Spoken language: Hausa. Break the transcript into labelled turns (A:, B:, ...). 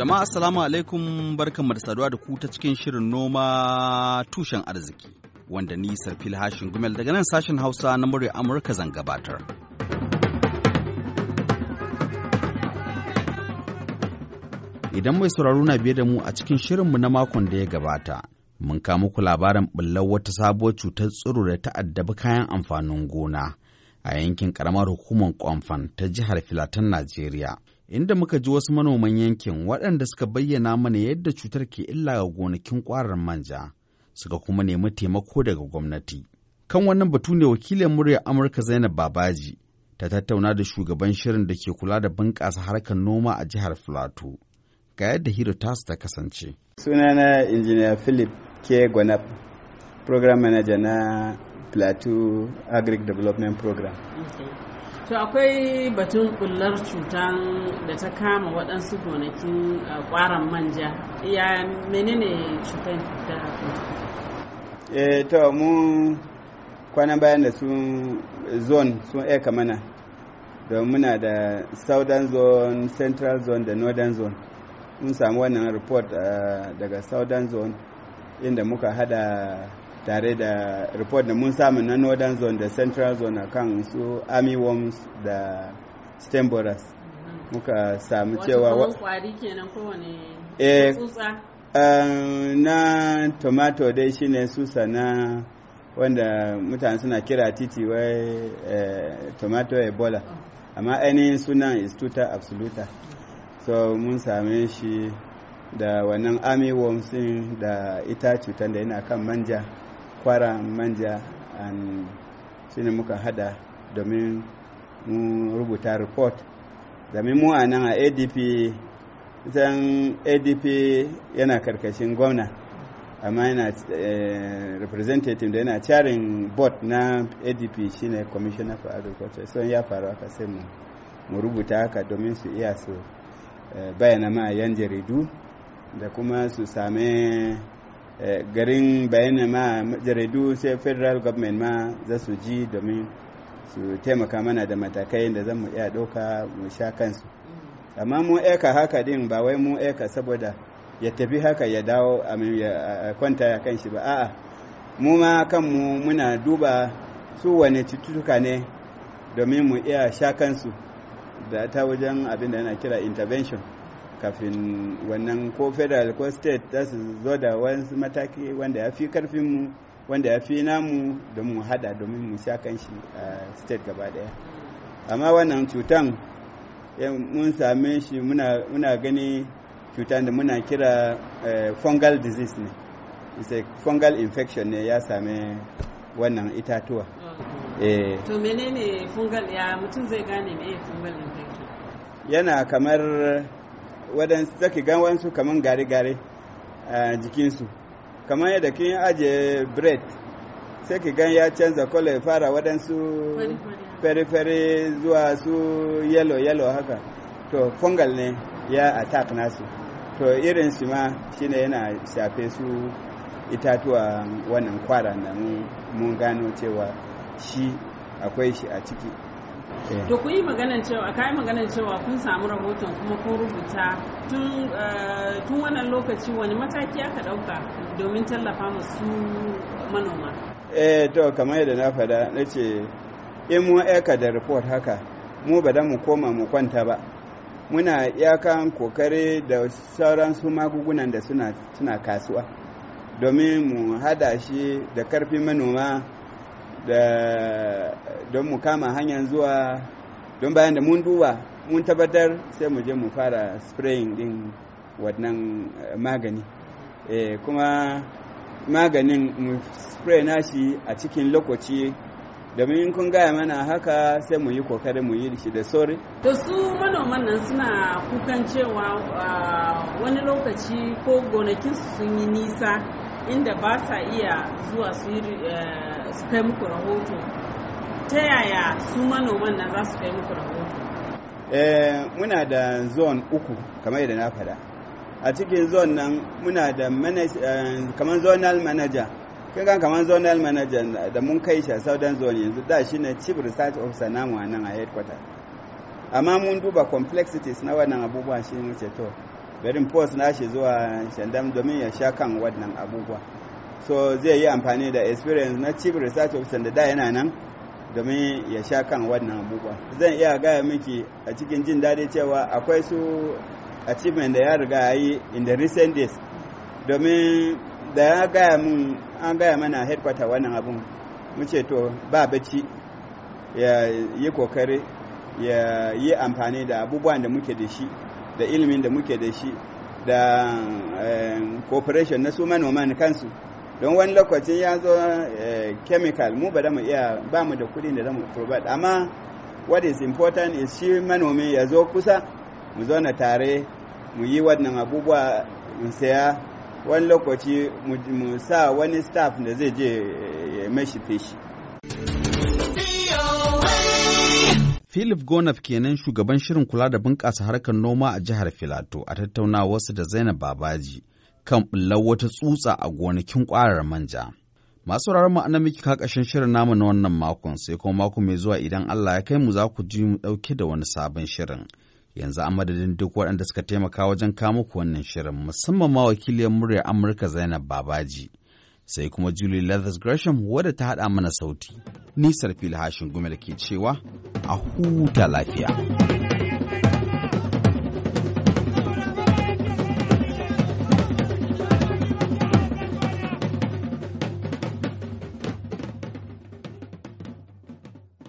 A: Jama'a assalamu alaikum barkanmu da saduwa da ku ta cikin shirin noma tushen arziki wanda ni Sarfil Hashin Gumel daga nan sashen Hausa na murya Amurka zan gabatar. Idan mai sauraro na biye da mu a cikin shirin mu na makon da ya gabata, mun kama muku labarin ɓullar wata sabuwar cutar tsiro da ta addabi kayan amfanin gona a yankin ƙaramar hukumar Kwamfan ta jihar Filatan Najeriya. inda muka ji wasu manoman yankin waɗanda suka bayyana mana yadda cutar ke illa ga gonakin ƙwarar manja suka kuma nemi taimako daga gwamnati. Kan wannan batu ne wakilin murya Amurka Zainab Babaji ta tattauna da shugaban shirin da ke kula da bunƙasa harkar noma a jihar Filato. Ga yadda hira tasu ta kasance.
B: Sunana Injiniya Philip K. Gwanap, Program Manager na Plateau Agric Development Program.
A: to akwai batun kullar cutan da ta kama waɗansu gonakin ƙwarar manja ya menene cutan da
B: eh to mu kwanan bayan da sun zone sun aika mana don muna da southern zone central zone da northern zone mun samu wannan report eh, daga southern zone inda muka hada tare da report da mun samu na northern zone da central zone akan su army worms da stem borers muka samu cewa
A: kwari kenan kowane eh, tsutsa
B: eh, na tomato dai shine susa na wanda mutane suna kira titi wai eh, tomato ebola oh. amma ainihin sunan is tuta absoluta so mun same shi da wannan army worms da ita cutar da yana kan manja kwara manja ne muka hada domin mu rubuta report domin mu a nan a adp zan adp yana karkashin gwamna amma yana eh, representative da yana charin board na adp shine commissioner for agriculture so ya faru aka sai mu rubuta haka domin su iya su eh, bayyana ma yan jaridu da kuma su same garin bayanin ma jaridu sai federal government ma za su ji domin su taimaka mana da matakai da zan mu iya ɗauka mu sha kansu amma mu eka haka din ba wai mu eka saboda ya tafi haka ya dawo a kwanta ya kan shi ba a'a mu ma kanmu muna duba su wane cututtuka ne domin mu iya sha kansu da ta wajen abin da yana kira intervention kafin wannan ko federal ko state za su zo da wasu mataki wanda ya fi karfinmu wanda ya fi namu da mu hada domin mu sha kan shi a state gaba daya amma wannan cutan eh, mun same shi muna gani cutan da muna kira eh, fungal disease ne isa fungal infection ne ya same wannan itatuwa
A: ah. eh. to menene fungal ya mutum zai gane me fungal infection
B: yana kamar waɗansu take gan waɗansu kamar gare-gare a jikinsu kamar yadda kin ajiye bread sai ki gan ya canza kola ya fara waɗansu fere-fere zuwa su yellow-yellow haka to fungal ne ya attack nasu to irin shi ma shine yana shafe su itatuwa wannan kwara da mun gano cewa shi akwai shi a ciki to
A: kun yi maganan cewa yi maganan cewa kun samu rahoton kuma kun rubuta tun eh, wannan lokaci wani mataki aka dauka domin tallafa masu manoma
B: eh to kamar yadda na faɗa na ce in mu aika da report haka mu ba da mu koma mu kwanta ba muna iyakan kokari da sauran su magungunan da suna kasuwa domin mu hada shi da karfi manoma da don mu kama hanyar zuwa don bayan da mun duba mun tabbatar sai mu je mu fara spraying din wannan eh, magani e, kuma maganin mu spray nashi a cikin lokaci domin kun gaya mana haka sai mu yi kokarin mu yi shi da sori.
A: To su manoman nan suna kukan cewa ah, wani lokaci ko gonakin sun yi nisa inda ba sa iya zuwa su yi eh, su kai muku rahoto ta yaya su manoman nan za su kai muku rahoto
B: eh, muna da zone uku kamar yadda na faɗa a cikin zone nan muna da eh, kamar zonal manager kin ga kamar zonal manager da mun kai shi a southern zone yanzu da shi ne chief research officer namu a nan a headquarter amma mun duba complexities na wannan abubuwa shi ne ce to berin post na shi zuwa shandam domin ya sha kan wannan abubuwa so zai yi amfani da experience na chief research officer da da yana nan domin ya sha kan wannan abubuwa zan iya gaya miki a cikin jin daɗi cewa akwai su achievement da ya riga ya yi in the recent days domin da ya gaya mun an gaya mana headquarter wannan abun mu ce to ba bacci ya yi kokari ya yi amfani da abubuwan da muke da shi da ilimin da muke da shi da eh, cooperation na su manoman kansu don wani lokacin ya zo eh, chemical mu ba mu iya ba mu da kudin da zamu provide amma what is important is shi manomi ya zo kusa mu zo na tare mu yi wannan abubuwa mu saya wani lokaci mu sa wani staff da zai je ya eh, mashi fishi
A: Philip Gonaf kenan shugaban shirin kula da bunƙasa harkar noma a jihar Filato a tattaunawa wasu da Zainab Babaji. kan bullar wata tsutsa a gonakin ƙwarar manja. Masu sauraron mu anan miki kakashin shirin namu na wannan makon sai kuma mako mai zuwa idan Allah ya kai mu za ku ji mu ɗauke da wani sabon shirin. Yanzu a madadin duk waɗanda suka taimaka wajen kamo ku wannan shirin musamman ma wakiliyar muryar Amurka Zainab Babaji. Sai kuma Julie Leathers Gresham wadda ta haɗa mana sauti. Nisar fili hashin gume ke cewa a huta lafiya.